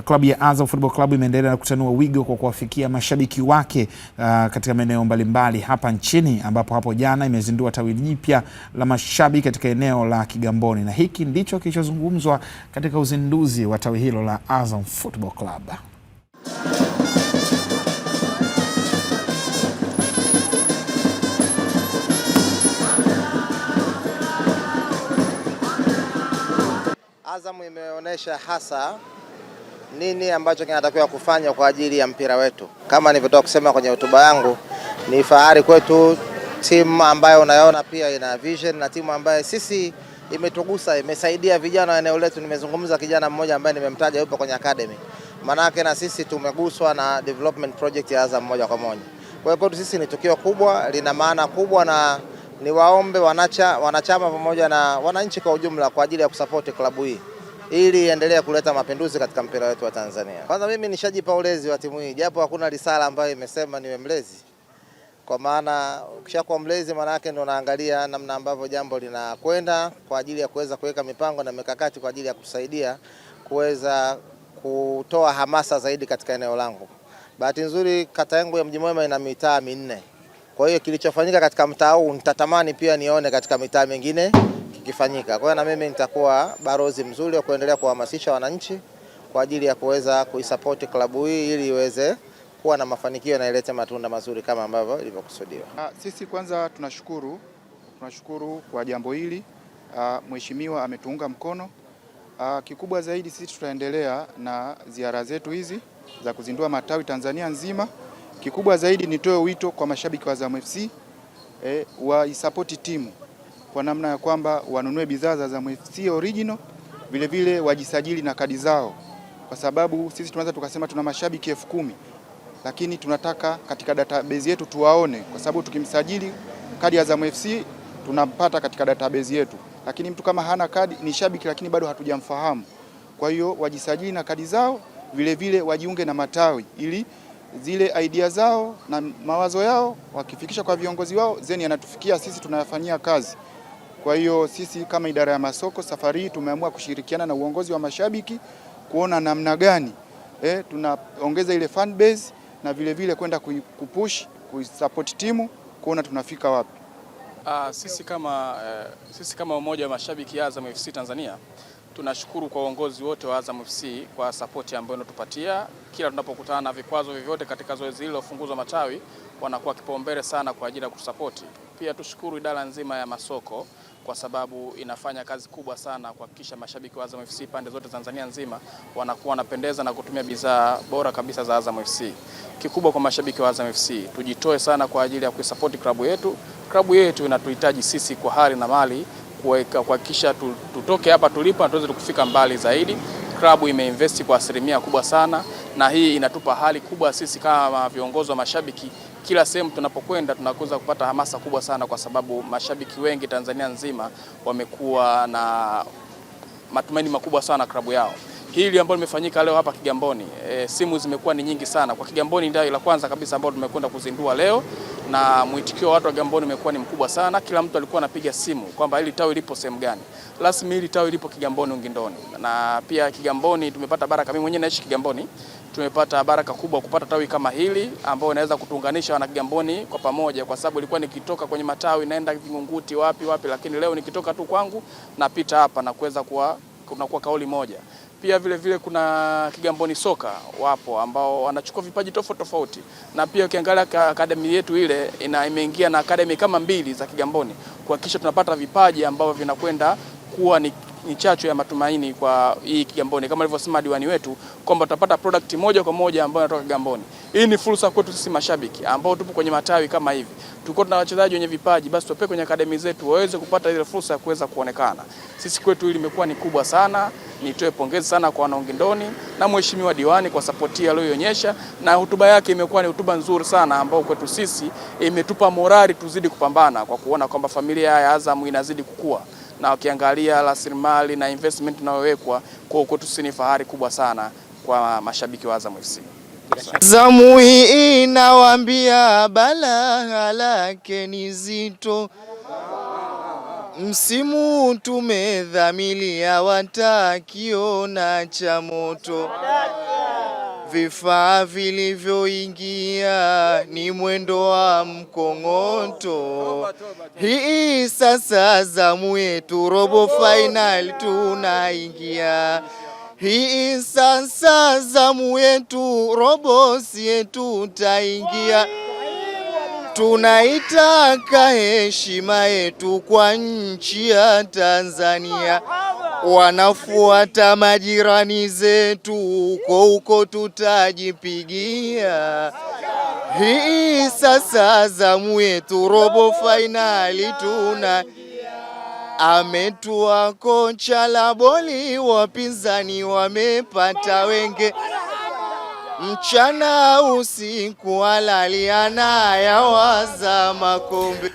klabu ya Azam Football Club imeendelea na kutanua wigo kwa kuwafikia mashabiki wake uh, katika maeneo mbalimbali hapa nchini ambapo hapo jana imezindua tawi jipya la mashabiki katika eneo la Kigamboni, na hiki ndicho kilichozungumzwa katika uzinduzi wa tawi hilo la Azam Football Club. Azam imeonyesha hasa nini ambacho kinatakiwa kufanywa kwa ajili ya mpira wetu. Kama nilivyotoka kusema kwenye hotuba yangu, ni fahari kwetu timu ambayo unayoona pia ina vision na timu ambayo sisi imetugusa, imesaidia vijana wa eneo letu. Nimezungumza kijana mmoja ambaye nimemtaja yupo kwenye academy, maanake na sisi tumeguswa na development project ya Azam moja kwa moja. Kwa hiyo sisi ni tukio kubwa, lina maana kubwa, na niwaombe wanacha, wanachama pamoja na wananchi kwa ujumla kwa ajili ya kusapoti klabu hii ili iendelee kuleta mapinduzi katika mpira wetu wa Tanzania. Kwanza mimi nishajipa ulezi wa timu hii, japo hakuna risala ambayo imesema niwe mlezi, kwa maana ukishakuwa mlezi, maana yake ndio unaangalia namna ambavyo jambo linakwenda kwa ajili ya kuweza kuweka mipango na mikakati kwa ajili ya kusaidia kuweza kutoa hamasa zaidi katika eneo langu. Bahati nzuri kata yangu ya Mji Mwema ina mitaa minne, kwa hiyo kilichofanyika katika mtaa huu nitatamani pia nione katika mitaa mingine kikifanyika. Kwa hiyo na mimi nitakuwa barozi mzuri wa kuendelea kuhamasisha wananchi kwa ajili ya kuweza kuisapoti klabu hii ili iweze kuwa na mafanikio na ilete matunda mazuri kama ambavyo ilivyokusudiwa. Ah, sisi kwanza tunashukuru, tunashukuru kwa jambo hili. Ah, mheshimiwa ametuunga mkono. Ah, kikubwa zaidi sisi tutaendelea na ziara zetu hizi za kuzindua matawi Tanzania nzima. Kikubwa zaidi nitoe wito kwa mashabiki wa Azam FC e, eh, waisapoti timu kwa namna ya kwamba wanunue bidhaa za Azam FC original, vile vile wajisajili na kadi zao, kwa sababu sisi tunaweza tukasema tuna mashabiki elfu kumi lakini tunataka katika database yetu tuwaone, kwa sababu tukimsajili kadi ya Azam FC tunampata katika database yetu, lakini mtu kama hana kadi ni shabiki, lakini bado hatujamfahamu. Kwa hiyo wajisajili na kadi zao, vile vile wajiunge na matawi ili zile idea zao na mawazo yao wakifikisha kwa viongozi wao zeni yanatufikia sisi tunayafanyia kazi. Kwa hiyo sisi kama idara ya masoko safari hii tumeamua kushirikiana na uongozi wa mashabiki kuona namna gani eh, tunaongeza ile fan base na vile vile kwenda kupush kuisupport timu kuona tunafika wapi. Aa, ah, sisi kama eh, sisi kama umoja wa mashabiki ya Azam FC Tanzania tunashukuru kwa uongozi wote wa Azam FC kwa sapoti ambayo inatupatia kila tunapokutana na vikwazo vyovyote katika zoezi hili la matawi, wanakuwa kipaumbele sana kwa ajili ya kutusapoti pia tushukuru idara nzima ya masoko kwa sababu inafanya kazi kubwa sana kuhakikisha mashabiki wa Azam FC pande zote Tanzania nzima wanakuwa wanapendeza na kutumia bidhaa bora kabisa za Azam FC. Kikubwa kwa mashabiki wa Azam FC, tujitoe sana kwa ajili ya kuisapoti klabu yetu. Klabu yetu inatuhitaji sisi kwa hali na mali kuhakikisha tutoke hapa tulipo na tuweze kufika mbali zaidi. Klabu imeinvesti kwa asilimia kubwa sana, na hii inatupa hali kubwa sisi kama viongozi wa mashabiki kila sehemu tunapokwenda tunakuza kupata hamasa kubwa sana, kwa sababu mashabiki wengi Tanzania nzima wamekuwa na matumaini makubwa sana klabu yao. Hili ambalo limefanyika leo hapa Kigamboni, e, simu zimekuwa ni nyingi sana kwa Kigamboni. Ndio la kwanza kabisa ambalo tumekwenda kuzindua leo, na mwitikio wa watu wa Kigamboni umekuwa ni mkubwa sana. Kila mtu alikuwa anapiga simu kwamba hili tawi lipo sehemu gani. Rasmi hili tawi lipo Kigamboni Ungindoni, na pia Kigamboni tumepata baraka. Mimi mwenyewe naishi Kigamboni, tumepata baraka kubwa kupata tawi kama hili ambao inaweza kutuunganisha kigamboni kwa pamoja, kwa sababu ilikuwa nikitoka kwenye matawi naenda Vingunguti wapi wapi, lakini leo nikitoka tu kwangu napita hapa na kuweza kuwa kunakuwa kauli moja. Pia vile vile kuna Kigamboni soka wapo ambao wanachukua vipaji tofauti tofauti, na pia ukiangalia akademi yetu ile ina imeingia na akademi kama mbili za Kigamboni kuhakikisha tunapata vipaji ambavyo vinakwenda kuwa ni ni chachu ya matumaini kwa hii Kigamboni, kama alivyosema diwani wetu kwamba tutapata product moja kwa moja ambayo inatoka Kigamboni. Hii ni fursa kwetu sisi mashabiki ambao tupo kwenye matawi kama hivi, tuko na wachezaji wenye vipaji, basi tupe kwenye akademi zetu waweze kupata ile fursa ya kuweza kuonekana. Sisi kwetu hili limekuwa ni kubwa sana. Nitoe pongezi sana kwa wanaongindoni na mheshimiwa diwani kwa sapoti aliyoonyesha, na hotuba yake imekuwa ni hotuba nzuri sana, ambao kwetu sisi imetupa morali tuzidi kupambana kwa kuona kwamba familia ya Azam inazidi kukua na wakiangalia rasilimali na investment inayowekwa kwa kwetu, sisi ni fahari kubwa sana kwa mashabiki wa Azam FC. Zamu hii inawaambia balaa lake ni zito, msimu tumedhamilia watakiona cha moto vifaa vilivyoingia ni mwendo wa mkong'oto. Hii sasa zamu yetu, robo final tunaingia. Hii sasa zamu yetu, robosi yetu taingia. Tunaitaka heshima yetu kwa nchi ya Tanzania wanafuata majirani zetu, huko huko tutajipigia. Hii sasa zamu yetu, robo fainali tuna ametua kocha Laboli, wapinzani wamepata wenge, mchana usiku alali, anayawaza makombe.